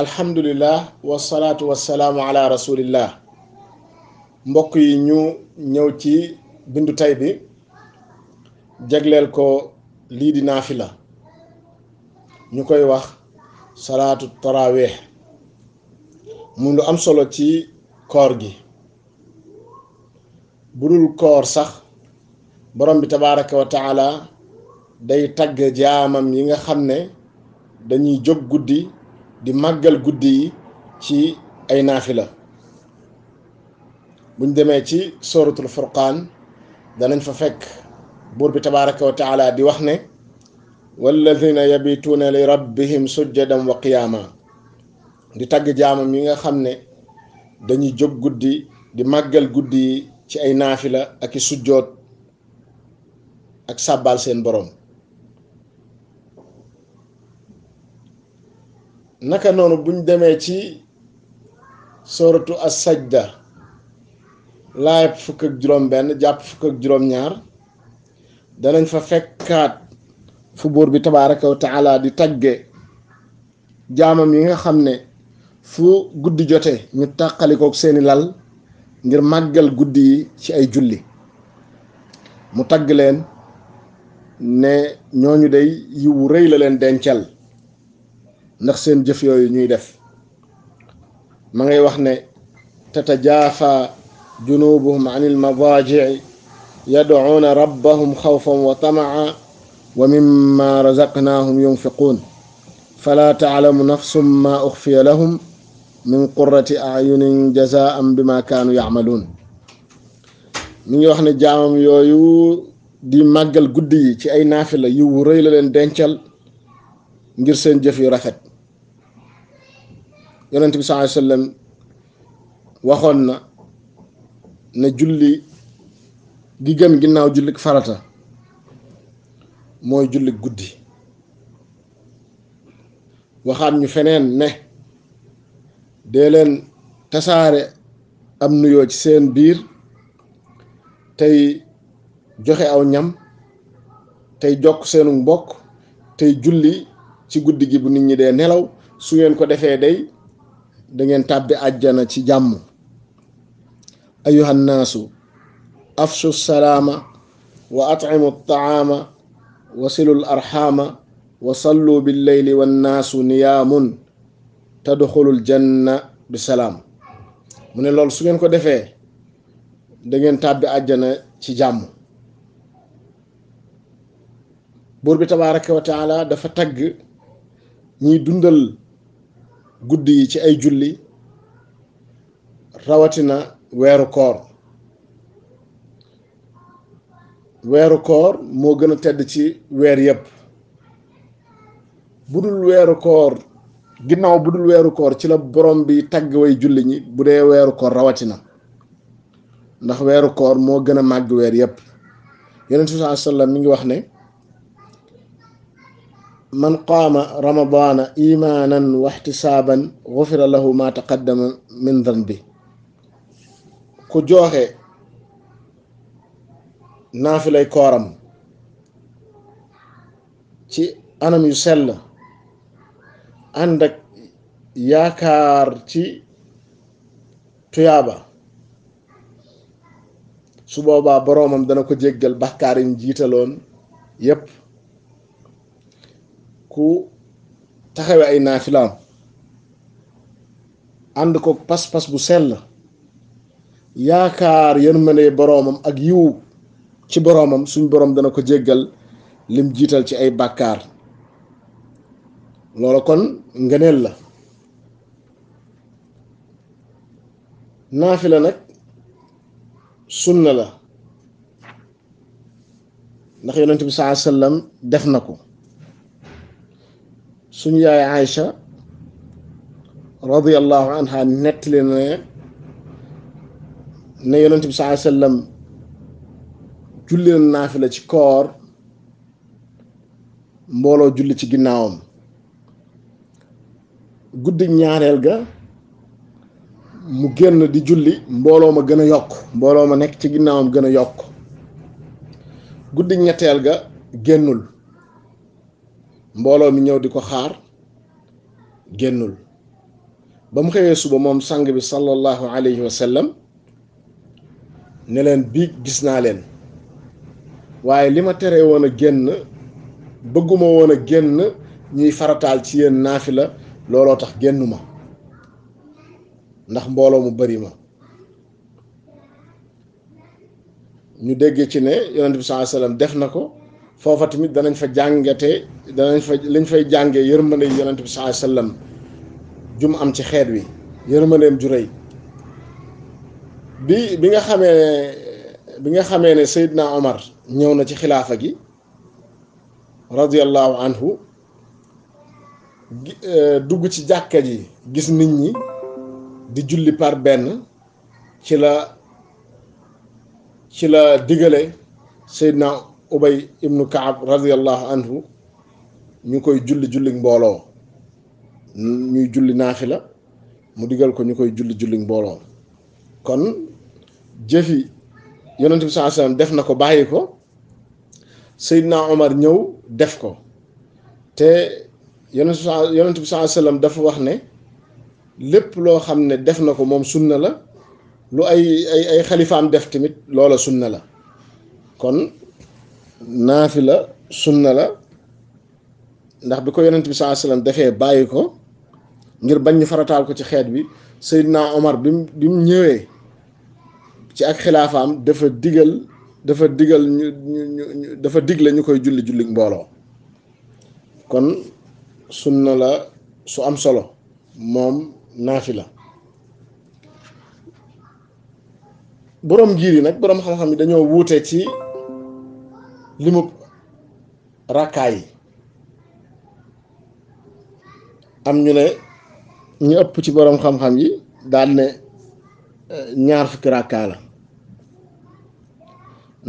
alhamdulillah wasalaatu wasalaamu ala rasulillah mbokk yi ñu ñëw ci bindu tay bi jegleel ko lii di la ñu koy wax salaatu taraweex mu lu am solo ci koor gi bu dul koor sax borom bi tabaraka wa day tagg jaamam yi nga xam ne dañuy jóg guddi di màggal guddi yi ci ay naafi naafila buñ demee ci sooratul furqaan danañ fa fekk buur bi tabaraka wa taala di wax ne walladina yabituuna li rabbihim sujjadan wa di tagg jaamam yi nga xam ne dañuy jóg guddi di màggal guddi yi ci ay naafila ak i sujjoot ak sàbbaal seen boroom naka noonu buñ demee ci soratu as-sajda laayab fukk ak juróom fa fekkaat fu buur bi tabaaraka te taala di tagge jaamam yi nga xam ne fu guddi jote ñu tàqalikook seeni lal ngir màggal guddi yi ci ay julli mu tagg leen ne ñooñu day yiwu rëy la leen dencal ndax seen jëf yooyu ñuy def ma ngay wax ne tatajaafa junubuhum an ilmadaajici yadcuuna rabbahum xawfan wa tamaca wa mimma razaqnaahum yunfiquun falaa taclamu nafsum maa uxfiya lahum min qurati ayunin jazaan bima kaanu yacmaluun mi ngi wax ne jaamam yooyu di màggal guddi yi ci ay naafila yiwu rëy la leen dencal ngir seen jëf yu rafet yonent bi sallallahu alayhi wa waxoon na ne julli gi gëm ginnaaw jullik farata mooy jullik guddi waxaat ñu feneen ne dee leen tasaare am nuyoo ci seen biir tey joxe aw ñam tey jokk seenu mbokk tey julli ci guddi gi bu nit ñi dee nelaw su ngeen ko defee day da ngeen tàbbi aljana ci jàmm ayuhan nasu afshu salama wa atcimu taama wasilu l arhama wa sallu billeyli wannaasu niyaamun tadxulul janna bi salam mune lol su ngeen ko defé da ngeen tàbbi aljana ci jàmm bur bi tabaaraku wa taala dafa tag ñi dundal guddi yi ci ay julli rawatina weeru koor weeru koor moo gën a tedd ci weer yépp bu dul weeru koor ginnaaw bu dul weeru koor ci la borom bi tagg way julli ñi bu dee weeru koor rawatina ndax weeru koor moo gën a màgg weer yépp yonent bi sallallahu alayhi wa ngi wax ne man qaama ramadaana imaanan waxtisaaban gufira lahu ma taqaddama min ku joxe naafilay kooram ci anam yu sell ànd ak yaakaar ci tuyaaba su boobaa boroomam dana ko jéggal bàkkaar jiitaloon yépp ku taxawe ay naafilaam ànd ko pas-pas bu sell yaakaar ne boroomam ak yiw ci boroomam suñ boroom dana ko jéggal lim jiital ci ay bàkkaar loola kon ngëneel la naafi la nag sunna la ndax yonent bi saa sallam def na ko suñ yaay Aïcha radiyallahu anha nettali na ne yonent bi sallallahu sallam julli na naafila ci koor mbooloo julli ci ginnaawam guddi ñaareel ga mu génn di julli mbooloo ma gën yok, yokk mbooloo ma nekk ci ginnaawam gën a yokk guddi ñetteel ga génnul mbolo mi ñëw diko xaar génnul bam mu suba mom sang bi sallallahu alayhi wa sallam ne len bi gis na len waye lima téré wona génn bëgguma wona génn ñi faratal ci yéen nafila lolo tax gennuma ndax mbolo mu bari ma ñu déggé ci ne yonent bi sallallahu alayhi wa sallam def nako foofa tamit danañ fa jàngate danañ fa lañ fay jànge yërmande yi yonent bi sallallahu alayhi jum am ci xeet wi yërmandeem ju rëy bi bi nga xamee bi nga xamee ne Seydina Omar ñëw na ci xilaafa gi radiyallahu anhu euh, dugg ci jàkka ji gis nit ñi di julli par benn ci la ci la digale Seydina ubay ibnu kaab radiallahu anhu ñu koy julli julli mbooloo ñuy julli naafila mu digal ko ñu koy julli julli mbooloo kon jëfi yonent bi saa sallam def na ko bàyyi ko Seydina ñëw def ko te yonent bi saa yonent bi sallam dafa wax ne lépp loo xam ne def na ko moom sunna la lu ay ay ay xalifaam def tamit loola sunna la kon naafi la na la ndax bi ko yonent bi saa sallam defee bàyyi ko ngir bañ ñu farataal ko ci xeet bi Seydina Omar bi mu bi ñëwee ci ak xilaafaam dafa digal dafa digal ñu ñu dafa digle ñu koy julli julli mbooloo kon sunna la su am solo moom naafi la boroom giir yi nag boroom xam-xam yi dañoo wuute ci limub rakkaay yi am ñu ne ñu ëpp ci boroom xam-xam yi daal ne eh, ñaar fukki rakkaa la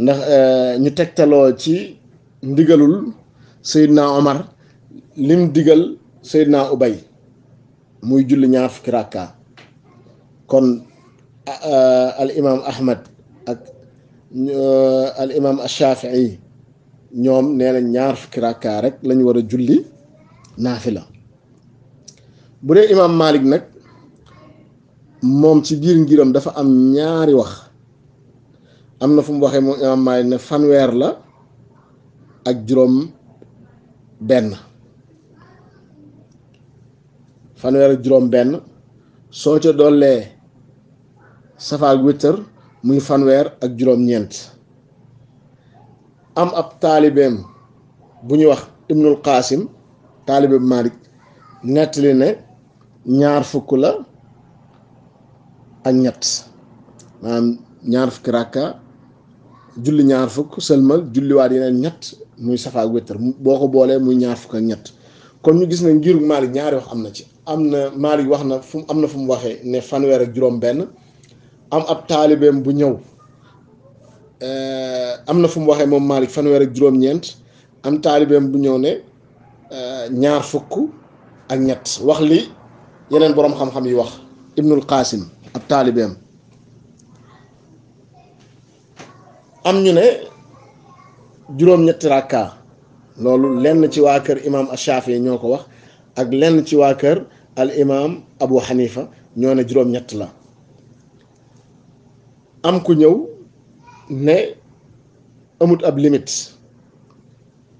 ndax eh, ñu tegtaloo ci ndigalul Seydina Omar lim digal seyd na Ubay muy julli ñaar fukki rakkaa kon eh, al imaam Ahmad ak al imaam Shafii ñoom nee na ñaar fukki rek lañu war a julli naafila bu dee imaam Malik nag moom ci biir ngiram dafa am ñaari wax am na fu mu waxee moom imaam Malik ne fanweer la ak juróom benn fanweer ak juróom benn soo ca dollee safaak wittar muy fanweer ak juróom ñeent am ab taalibeem bu ñuy wax ibnul qaasim taalibe bu Malik nettali ne ñaar fukk la ak ñett maanaam ñaar fukki rakka julli ñaar fukk sëlmal julliwaat yeneen ñett muy safaak wéttar boo ko boolee muy ñaar fukk ak ñett kon ñu gis ne ngiru Malik ñaari wax am na ci am na Malik wax na fu am na fu mu waxee ne fanweer ak juróom benn am ab taalibeem bu ñëw Euh, am na fu mu waxee moom Malick fanweer ak juróom-ñeent am taalibeem bu ñëw ne euh, ñaar fukk ak ñett wax li yeneen boroom xam-xam yi wax Ibnul Qasim ab taalibeem am ñu ne juróom-ñetti rakka loolu lenn ci waa kër imaam Ashaafi ñoo ko wax ak lenn ci waa kër al imaam Abu Hanifa ñoo ne juróom-ñett la am ku ñëw. ne amut ab limit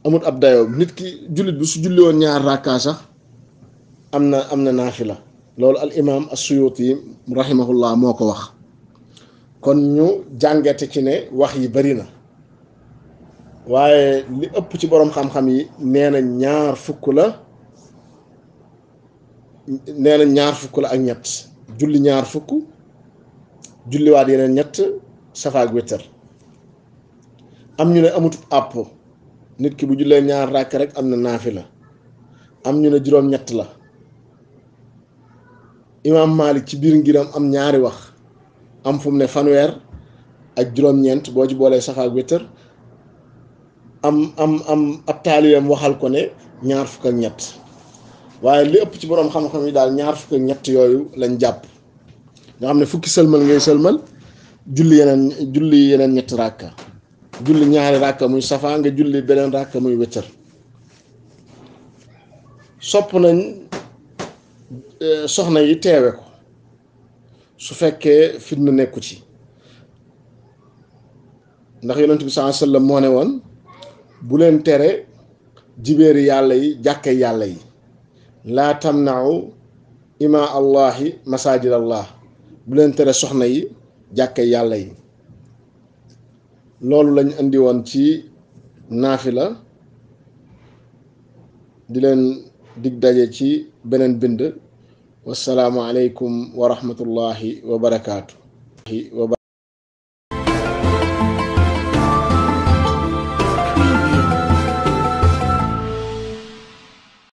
amut ab dayoo nit ki jullit bi su julli woon ñaar rakkaa sax am na am na naafila loolu al imaam as-Suyuti yi moo ko wax kon ñu jàngate ci ne wax yi bari na waaye li ëpp ci boroom xam-xam yi nee na ñaar fukk la nee ñaar fukk la ak ñett julli ñaar fukk julliwaat yeneen ñett safaak wéttar am ñu ne amut àpp nit ki bu jullee ñaar ràkk rek am na naafi la am ñu ne juróom-ñett la imaam Malik ci biir ngiram am ñaari wax am fu mu ne fanweer ak juróom-ñeent boo ci boolee sax ak wétër am am am ab taalibeem waxal ko ne ñaar fukk ñett waaye li ëpp ci boroom xam-xam yi daal ñaar fukk ak ñett yooyu lañ jàpp nga xam ne fukki sëlmal ngay sëlmal julli yeneen julli yeneen ñetti ràkka julli ñaari ràkka muy safaa nga julli beneen ràkka muy wëccër sopp nañ e, soxna yi teewe ko su fekkee fitna nekku ci ndax yonent bi saa sallam moo ne woon bu leen tere jibéeri yàlla yi jàkkay yàlla yi laa tamnau ima allahi masajid allah bu leen tere soxna yi jàkkay yàlla yi loolu lañu indi woon ci naafila di leen dig daje ci beneen bind wasalaamu aleykum wa rahmatullahi